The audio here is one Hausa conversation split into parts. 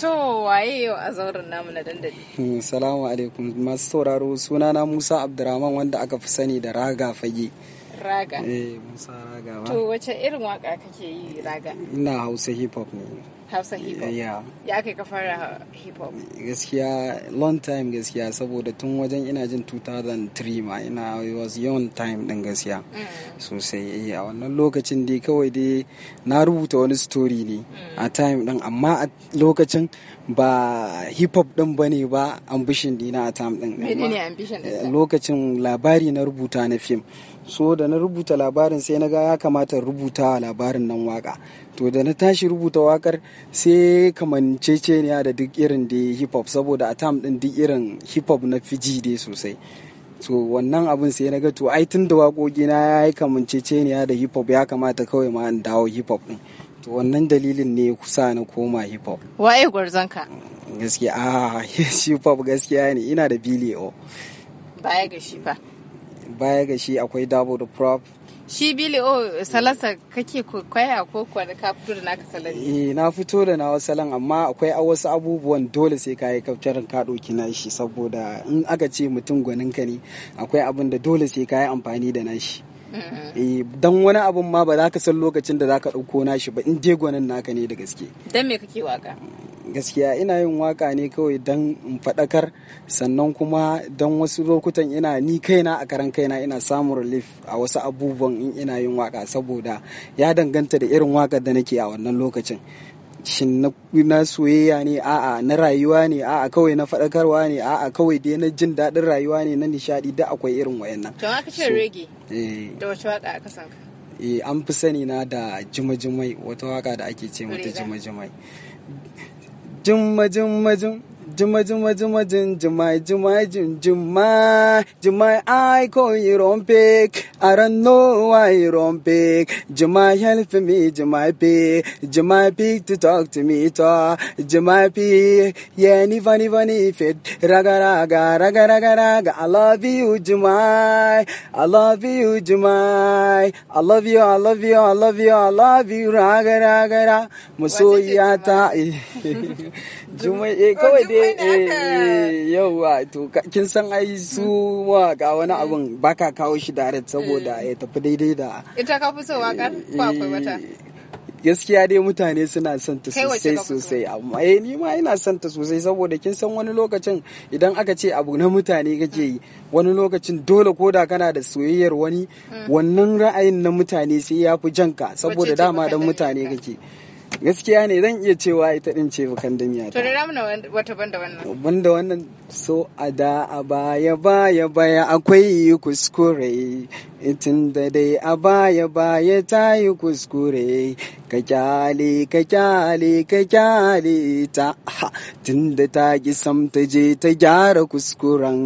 To waye yau a zauren namu na dandali. Hmm, salamu alaikum masu sauraro suna na Musa Abdurrahman wanda aka fi sani da Raga Fage. Raga. Eh Musa Raga ba. To wace irin waka kake yi Raga? Ina Hausa hip hop ne. hausa hip hop ya aka ka fara hip hop gaskiya long time gaskiya saboda tun wajen ina jin 2003 ma ina was young time din gaskiya mm. sosai eh, a wannan lokacin dai kawai dai na rubuta wani story ne a mm. time din amma a lokacin ba hip hop din bane ba ambition dina a time din ambition eh, lokacin labari na rubuta na fim so da na rubuta labarin sai na ga ya kamata rubuta labarin nan waka to da na tashi rubuta wakar sai ne da duk irin da hip hop saboda a tam din duk irin hip hop na fiji dai sosai to wannan abin sai na ga to ai tun da waƙoƙi na ya yi ne da hip hop ya kamata kawai ma in dawo hip hop din to wannan dalilin ne kusa na koma hip hop waye gwarzanka gaskiya a hip hop gaskiya ne ina da bilio baya ga shi fa baya ga shi akwai dabo da prop Shi Billy O oh, salasa kake kwaya ko kuwa ka fito da naka salon? Eh na fito da nawa salon amma akwai wasu abubuwan dole sai ka yi kafcarin ka na nashi saboda in aka ce mutum gwanin ka ne akwai abin da dole sai ka yi amfani da nashi. Mm-hmm. Eh, dan wani abun ma ba za ka san lokacin da za ka ɗauko nashi ba in je gwanin naka ne da gaske. dan me kake waka? gaskiya ina yin waka ne kawai don in faɗakar sannan kuma don wasu lokutan ina ni kaina a karan kaina ina samun relief a wasu abubuwan in ina yin waka saboda ya danganta da irin waka da nake a wannan lokacin shin na soyayya ne a'a na rayuwa ne a'a kawai na faɗakarwa ne a'a kawai dai na jin daɗin rayuwa ne na nishaɗi da akwai irin wayannan. to aka ce rege eh. da wace waka aka san eh, an fi sani na da jimajimai wata waka da ake ce mata jimajimai. 中么中么中。Juma Juma Juma jin jumai jumai jin Juma jumai I call you rompik I don't know why you rompik Juma help me Juma p Juma p to talk to me to Juma p yeah ni funny funny fit raga raga raga raga raga I love you Juma. I love you Juma. I love you I love you I love you I love you raga raga raga masoyata Juma, eh kawai dai Eh, eh, yauwa to kin san ai su ga wani mm. abun baka kawo shi direct saboda mm. ya tafi daidai da ita ka fi so wakar ko akwai eh, wata gaskiya dai mutane suna son ta sosai sosai amma eh ni ma ina son ta sosai saboda kin san wani lokacin idan aka ce abu na mutane kake yi mm. wani lokacin dole koda kana da soyayyar wani wannan ra'ayin na mutane sai ya fi janka saboda dama dan mutane kake gaskiya ne zan iya cewa ita din ce bukan to da ramuna wata banda wannan banda wannan so a da a baya baya baya akwai kuskure itin da dai a baya baya ta yi kuskure ka kyale ka kyale ka kyale ta tun da ta ki sam ta je ta gyara kuskuren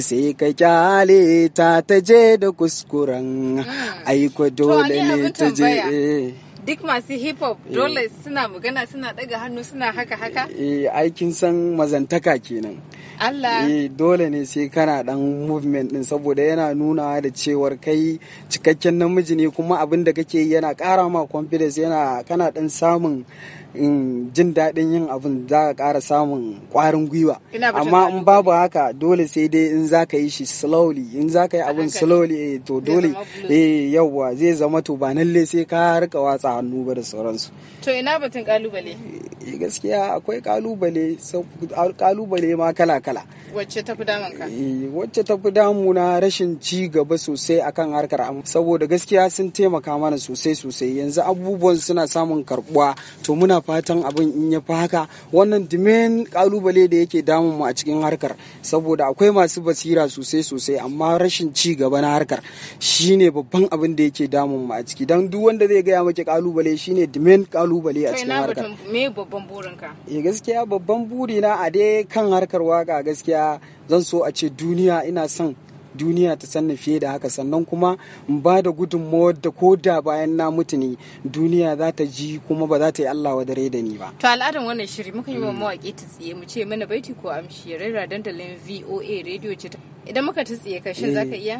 sai ka kyale ta ta je da kuskuren hmm. aiko dole ne ta je duk masu hip hop eh. dole suna magana suna daga hannu suna haka haka eh aikin san mazantaka kenan Allah eh, dole ne sai kana dan movement din saboda yana nuna da cewar kai cikakken namiji ne kuma abin da kake yana kara ma confidence yana kana dan samun jin daɗin yin abin za ka ƙara samun ƙwarin gwiwa amma in babu haka dole sai dai in za ka yi shi slowly in za ka yi abin slowly eh, to dole eh yawwa zai zama to ba lalle sai ka rika watsa hannu ba da sauransu to ina batun kalubale eh, gaskiya akwai kalubale kalubale ma kala kala wacce ta fi damun ka eh, wacce ta fi damuna rashin ci gaba sosai akan harkar amma saboda gaskiya sun taimaka mana sosai sosai yanzu abubuwan suna samun karbuwa to muna fatan abin in ya fi haka wannan dimen kalubale da yake damun mu a cikin harkar saboda akwai masu basira sosai sosai amma rashin ci gaba na harkar shine babban abin da yake damun mu a ciki dan duk wanda zai gaya maki kalubale shine dimen kalubale a cikin harkar me babban burinka eh gaskiya babban burina a dai kan harkar waka gaskiya zan so a ce duniya ina son duniya ta sanna fiye da haka sannan kuma in ba da gudunmawar da ko da bayan na mutu ne duniya za ta ji kuma ba za ta yi Allah wa dare da ni ba. To al'adan wannan shiri muka yi wa mm. mawaƙi ta tsiye mu ce mana baiti ko amshi rera dandalin VOA radio ce idan muka ta tsiye ka shin za ka eh. iya?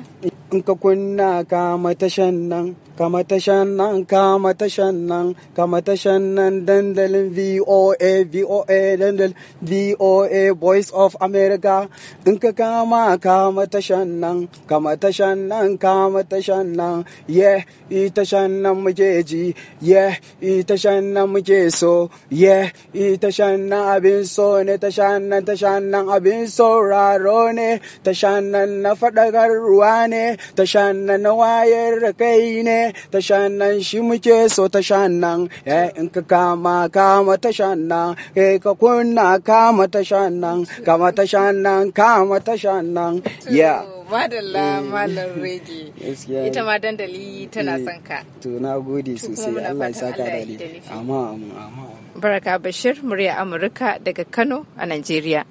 In ka kunna ka matashan nan kama tashan nan kama tashan nan kama tashan nan dandalin VOA VOA dandal VOA Voice of America in ka kama kama tashan nan kama tashan nan kama tashan nan yeah i tashan nan muke ji yeah i tashan nan muke so yeah i tashan nan abin so ne tashan nan tashan nan abin sauraro ne tashan nan na ruwa ne tashan nan na wayar da kai ne ta tashan nan shi muke so ta nan eh, in ka kama kama ta nan eh ka kunna kama ta nan kama ta nan kama ta nan ya madalla eh. malam rege ita ma dandali tana eh. son ka to na gode sosai Allah ya saka da ni amma amma baraka bashir murya amurka daga kano a najeriya